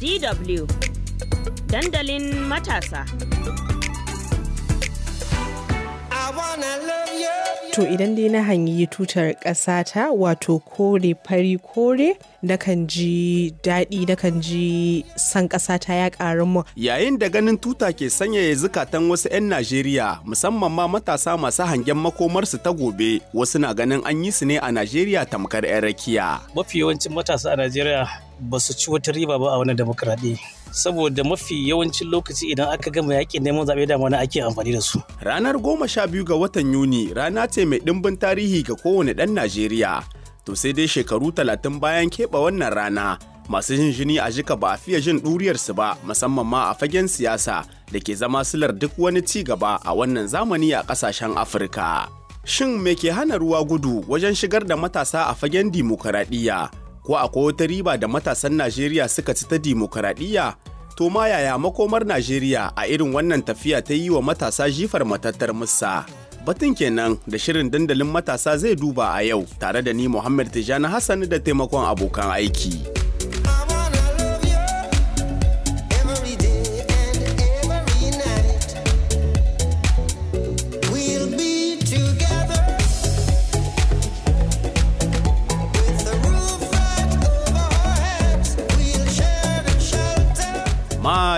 DW dandalin matasa. I wanna love you. To idan dai na hanyi tutar ƙasata wato kore fari kore nakan ji daɗi nakan ji san ƙasata ya ƙaru mu. Yayin da ganin tuta ke sanyaya zukatan wasu 'yan Najeriya musamman ma matasa masu hangen makomarsu ta gobe wasu na ganin an yi su ne a Najeriya tamkar 'yan rakiya. Mafi yawancin matasa a Najeriya ba su ci wata riba ba a wani demokradiyya. saboda mafi yawancin lokaci idan aka gama yakin neman zaɓe da wani ake amfani da su. Ranar goma sha biyu ga watan Yuni rana ce mai ɗimbin tarihi ga kowane ɗan Najeriya. To sai dai shekaru talatin bayan keɓe wannan rana masu jin jini a jika ba a fiye jin ɗuriyarsu ba musamman ma a fagen siyasa da ke zama silar duk wani ci gaba a wannan zamani a ƙasashen Afirka. Shin me ke hana ruwa gudu wajen shigar da matasa a fagen dimokuraɗiyya? ko akwai wata riba da matasan Najeriya suka ci ta dimokuraɗiyya? To ma yaya makomar Najeriya a irin wannan tafiya ta yi wa matasa jifar matattar musa? Batun kenan da shirin dandalin matasa zai duba a yau tare da ni Muhammad Tijjani Hassan da taimakon abokan aiki.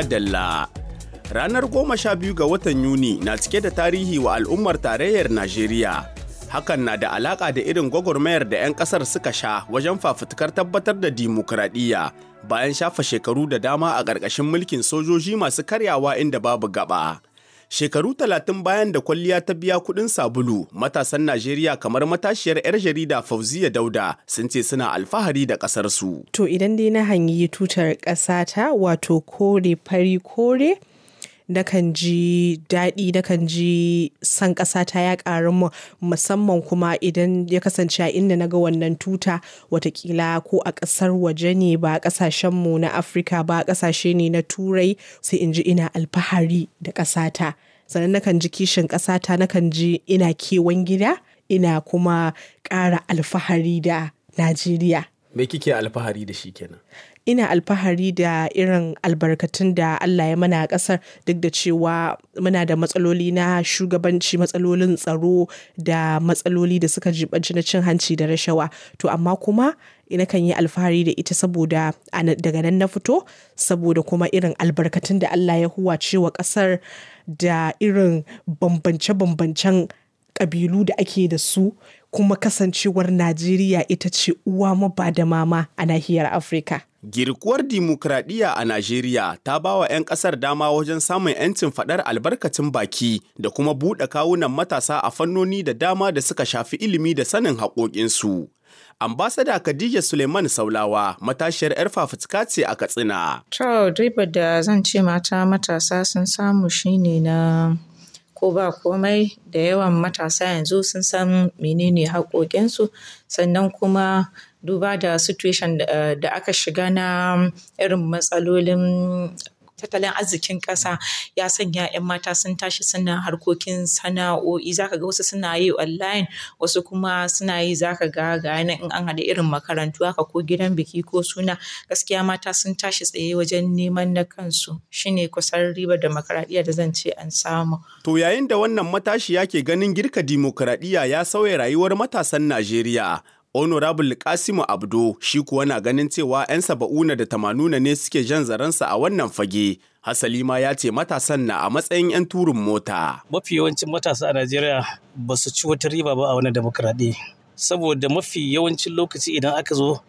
dalla ranar goma sha biyu ga watan yuni na cike da tarihi wa al'ummar tarayyar najeriya hakan na da alaka da irin gwagwarmayar da 'yan kasar suka sha wajen fafutukar tabbatar da dimokuraɗiyya bayan shafa shekaru da dama a ƙarƙashin mulkin sojoji masu karyawa inda babu gaba Shekaru talatin bayan da kwalliya ta biya kuɗin sabulu, matasan Najeriya kamar matashiyar 'yar jarida Fauziya Dauda sun ce suna alfahari da ƙasarsu. To idan dai na hanyi tutar ƙasata wato kore fari kore nakan ji daɗi nakan ji san ƙasa ta ya ƙaru mu musamman kuma idan ya kasance a inda naga wannan tuta watakila ko a ƙasar waje ne ba ƙasashen mu na afirka ba ƙasashe ne na turai sai in ji ina alfahari da ƙasata sannan nakan ji kishin ƙasata nakan ji ina kewan gida ina kuma ƙara alfahari da najeriya me kike alfahari da shi kenan ina alfahari da irin albarkatun da Allah ya mana a duk da cewa muna da matsaloli na shugabanci matsalolin tsaro da matsaloli da suka jibanci na cin hanci da rashawa to amma kuma ina kan yi alfahari da ita saboda daga nan na fito saboda kuma irin albarkatun da Allah ya huwa cewa ƙasar da irin bambance-bambancen ƙabilu da ake da su kuma kasancewar Najeriya ita ce uwa maba da mama a nahiyar Afirka. Girkuwar dimokuraɗiyya a Najeriya ta ba wa 'yan ƙasar dama wajen samun 'yancin faɗar albarkacin baki da kuma buɗe kawunan matasa a fannoni da dama da suka shafi ilimi da sanin haƙoƙinsu. Ambasada Khadija Suleiman Saulawa matashiyar 'yar fafutuka ce a Katsina. To, ribar da zan ce mata matasa sun samu shine na ko ba komai da yawan matasa yanzu sun san menene haƙoƙinsu sannan kuma duba da situation eh, da aka shiga na irin matsalolin tattalin arzikin ƙasa ya sanya 'yan mata sun tashi suna harkokin sana'o'i zaka ga wasu suna yi online wasu kuma suna yi zaka ga ga in an haɗa irin makarantu haka ko gidan biki ko suna gaskiya mata sun tashi tsaye wajen neman na kansu shine kusan ribar demokaradiyya da zan ce an samu. To yayin da wannan matashiya ke ganin girka dimokuraɗiyya ya sauya rayuwar matasan Najeriya honorable kasimu abdo shi kuwa na ganin cewa 'yan saba'una da tamanuna ne suke jan zaransa a wannan fage hasali ma ya ce matasan na a matsayin 'yan turin mota mafi yawancin matasa a najeriya ba su ci wata riba ba a wani demokradi saboda mafi yawancin lokaci idan aka zo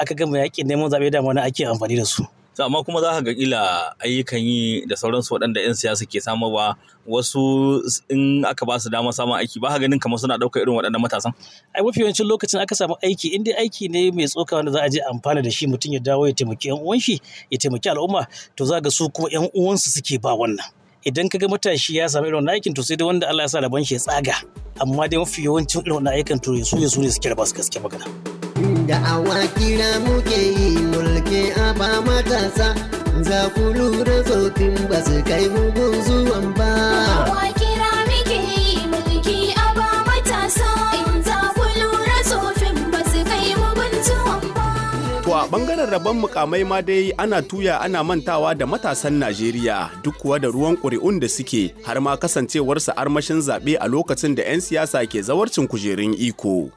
aka gama yaƙin neman zaɓe da wani ake amfani da su amma kuma za ka ga kila ayyukan yi da sauransu waɗanda 'yan siyasa ke samarwa wasu in aka ba su dama samun aiki ba ka ganin kamar suna ɗaukar irin waɗannan matasan. ai mafi yawancin lokacin aka samu aiki in dai aiki ne mai tsoka wanda za a je amfana da shi mutum ya dawo ya taimaki 'yan uwan shi ya taimaki al'umma to za ga su kuma 'yan uwansu suke ba wannan. idan ka ga matashi ya samu irin aikin to sai dai wanda Allah ya sa rabon shi ya tsaga amma dai mafi yawancin irin aikin to su ne su ne suke raba su gaske magana. da kira muke yi mulke a ba matasa za ku lura tsofin ba su kai mugun zuwan ba a ɓangaren bangaren rabon mukamai ma dai ana tuya ana mantawa da matasan najeriya duk kuwa da ruwan ƙuri'un da suke har ma kasancewarsa armashin zaɓe a lokacin da 'yan siyasa ke zawarcin kujerun iko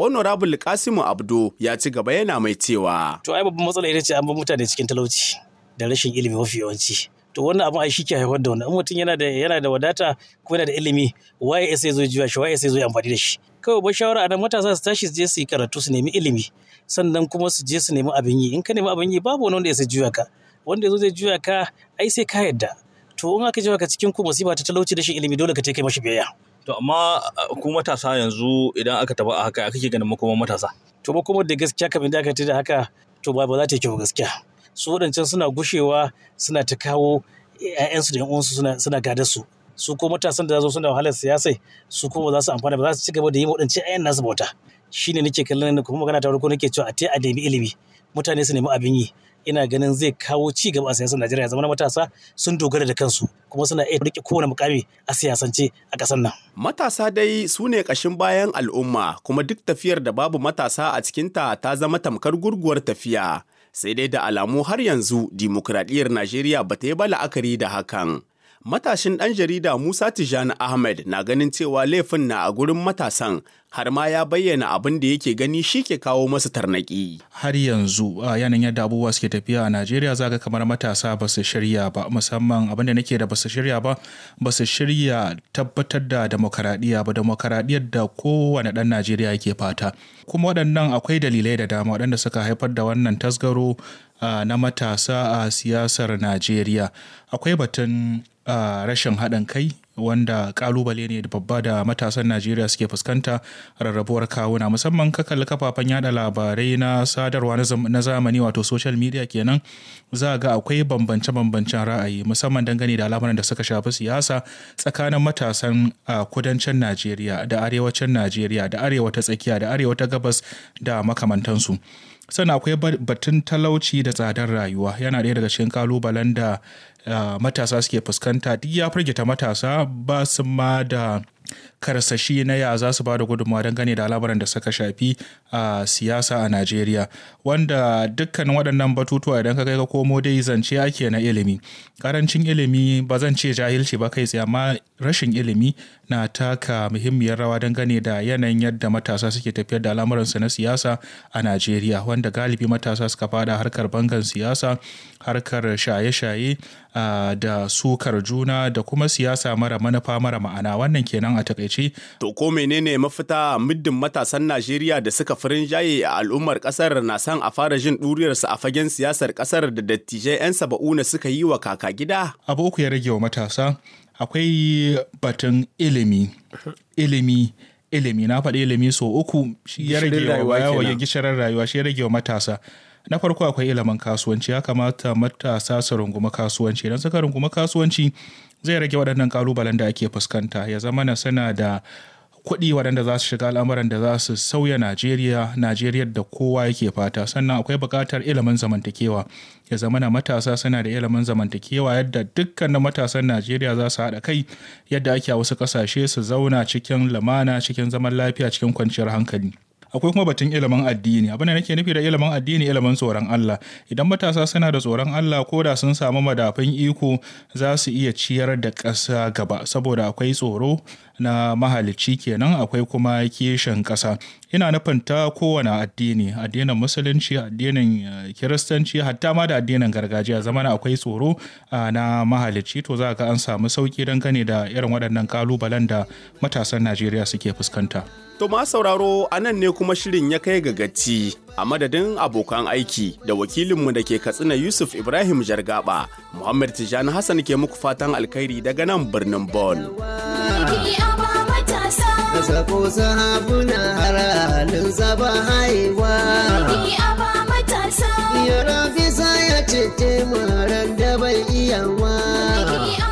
Honorable Kasimu Abdo ya ci gaba yana mai cewa. To ai babban matsala ita ce an bar mutane cikin talauci da rashin ilimi mafi yawanci. To wannan abin ai shi ke haifar da wannan. In mutum yana da yana da wadata ko yana da ilimi waye ya sai zo juya shi waye ya sai zo amfani da shi. Kawai ba shawara anan matasa su tashi su je su yi karatu su nemi ilimi sannan kuma su je su nemi abin yi. In ka nemi abin yi babu wani wanda ya sai juya ka. Wanda ya zo zai juya ka ai sai ka yadda. To in aka juya ka cikin ku masifa ta talauci da rashin ilimi dole ka kai mashi biyayya. To amma ku matasa yanzu idan aka taba a haka kake ganin makoman matasa. To kuma da gaskiya kafin da aka da haka to ba za ta yi kyau gaskiya. Su waɗancan suna gushewa suna ta kawo 'ya'yansu da 'yan'uwansu suna gada gadar su. Su ko matasan da zo suna wahalar siyasai su ko ba za su amfana ba za su ci gaba da yi waɗancan 'ya'yan nasu bauta. ne nake kallon kuma magana ta farko nake cewa a te a nemi ilimi. Mutane su nemi abin yi. ina ganin zai kawo ci gaba a siyasar Najeriya zama matasa sun dogara da kansu kuma suna iya rike kowane mukami a siyasance a ƙasar nan. Matasa dai su ne ƙashin bayan al'umma kuma duk tafiyar da babu matasa a cikinta ta zama tamkar gurguwar tafiya. Sai dai da alamu har yanzu dimokuraɗiyyar Najeriya ba ta yi ba la'akari da hakan. Matashin ɗan jarida Musa Tijani Ahmed na ganin cewa laifin na a gurin matasan har ma ya bayyana abin da yake gani shi ke kawo masu tarnaki. Har yanzu a yanayin yadda abubuwa suke tafiya a Najeriya zaga kamar matasa ba su shirya ba musamman abin da nake da ba su shirya ba ba su shirya tabbatar da demokaradiyya ba demokaradiyyar da kowane ɗan Najeriya yake fata. Kuma waɗannan akwai dalilai da dama waɗanda suka haifar da wannan tasgaro na matasa a siyasar Najeriya. Akwai batun a rashin haɗin kai wanda kalubale ne da babba da matasan Najeriya suke fuskanta rarrabuwar kawuna musamman ka kalli kafafen yada labarai na sadarwa na zamani wato social media kenan za ga akwai bambance-bambancen ra'ayi musamman dangane da al'amuran da suka shafi siyasa tsakanin matasan a kudancin Najeriya da arewacin Najeriya da arewa ta tsakiya da arewa ta gabas da makamantansu. sannan akwai batun talauci da tsadar rayuwa yana ɗaya daga cikin kalubalen da ah, matasa suke fuskanta duk ya firgita matasa ba su ma da karsashi na ya za su ba da gudunmawa dangane da labaran da suka shafi a siyasa a Najeriya wanda dukkan waɗannan batutuwa idan ka kai ka komo dai zance ake na ilimi karancin ilimi ba zan ce jahilci ba kai tsaye amma rashin ilimi na taka muhimmiyar rawa dangane da yanayin yadda matasa suke tafiyar da al'amuransu na siyasa a Najeriya wanda galibi matasa suka fada harkar bangan siyasa harkar shaye-shaye da sukar juna da kuma siyasa mara manufa mara ma'ana wannan kenan a takaice. To ko menene mafita muddin matasan Najeriya da suka farin jaye a al'ummar kasar na san a fara jin ɗuriyarsa a fagen siyasar kasar da dattijai 'yan saba'una suka yi wa kaka gida? Abu uku ya rage wa matasa akwai batun ilimi, ilimi, ilimi na faɗi ilimi so uku ya rage wa gishirar rayuwa shi ya rage wa matasa. na farko akwai ilimin kasuwanci ya kamata matasa su runguma kasuwanci idan suka runguma kasuwanci zai rage waɗannan kalubalen da ake fuskanta ya zama na sana da kuɗi waɗanda za su shiga al'amuran da za su sauya najeriya najeriya da kowa yake fata sannan akwai buƙatar ilimin zamantakewa ya zama na matasa suna da ilimin zamantakewa yadda dukkanin matasan najeriya za su haɗa kai yadda ake a wasu ƙasashe su zauna cikin lamana cikin zaman lafiya cikin kwanciyar hankali akwai kuma batun ilimin addini abin da nake nufi da ilimin addini ilimin tsoron Allah idan matasa suna da tsoron Allah ko da sun samu madafin iko za su iya ciyar da ƙasa gaba saboda akwai tsoro na mahalicci kenan akwai kuma kishin ƙasa ina nufin ta kowane addini addinin musulunci addinin eh, kiristanci hatta ma da addinin gargajiya zamana akwai tsoro ah, na mahalicci to za ka an samu sauki dangane da irin waɗannan kalubalen da matasan najeriya suke fuskanta to ma sauraro a nan ne kuma shirin ya kai ga gaci a madadin abokan aiki da wakilinmu da ke katsina yusuf ibrahim jargaba muhammad tijani hassan ke muku fatan alkhairi daga nan birnin bon. ko sahabuna haralin zaba haiwa. ba matasa. Ya rafi sa ya ce temaran da bai iyawa.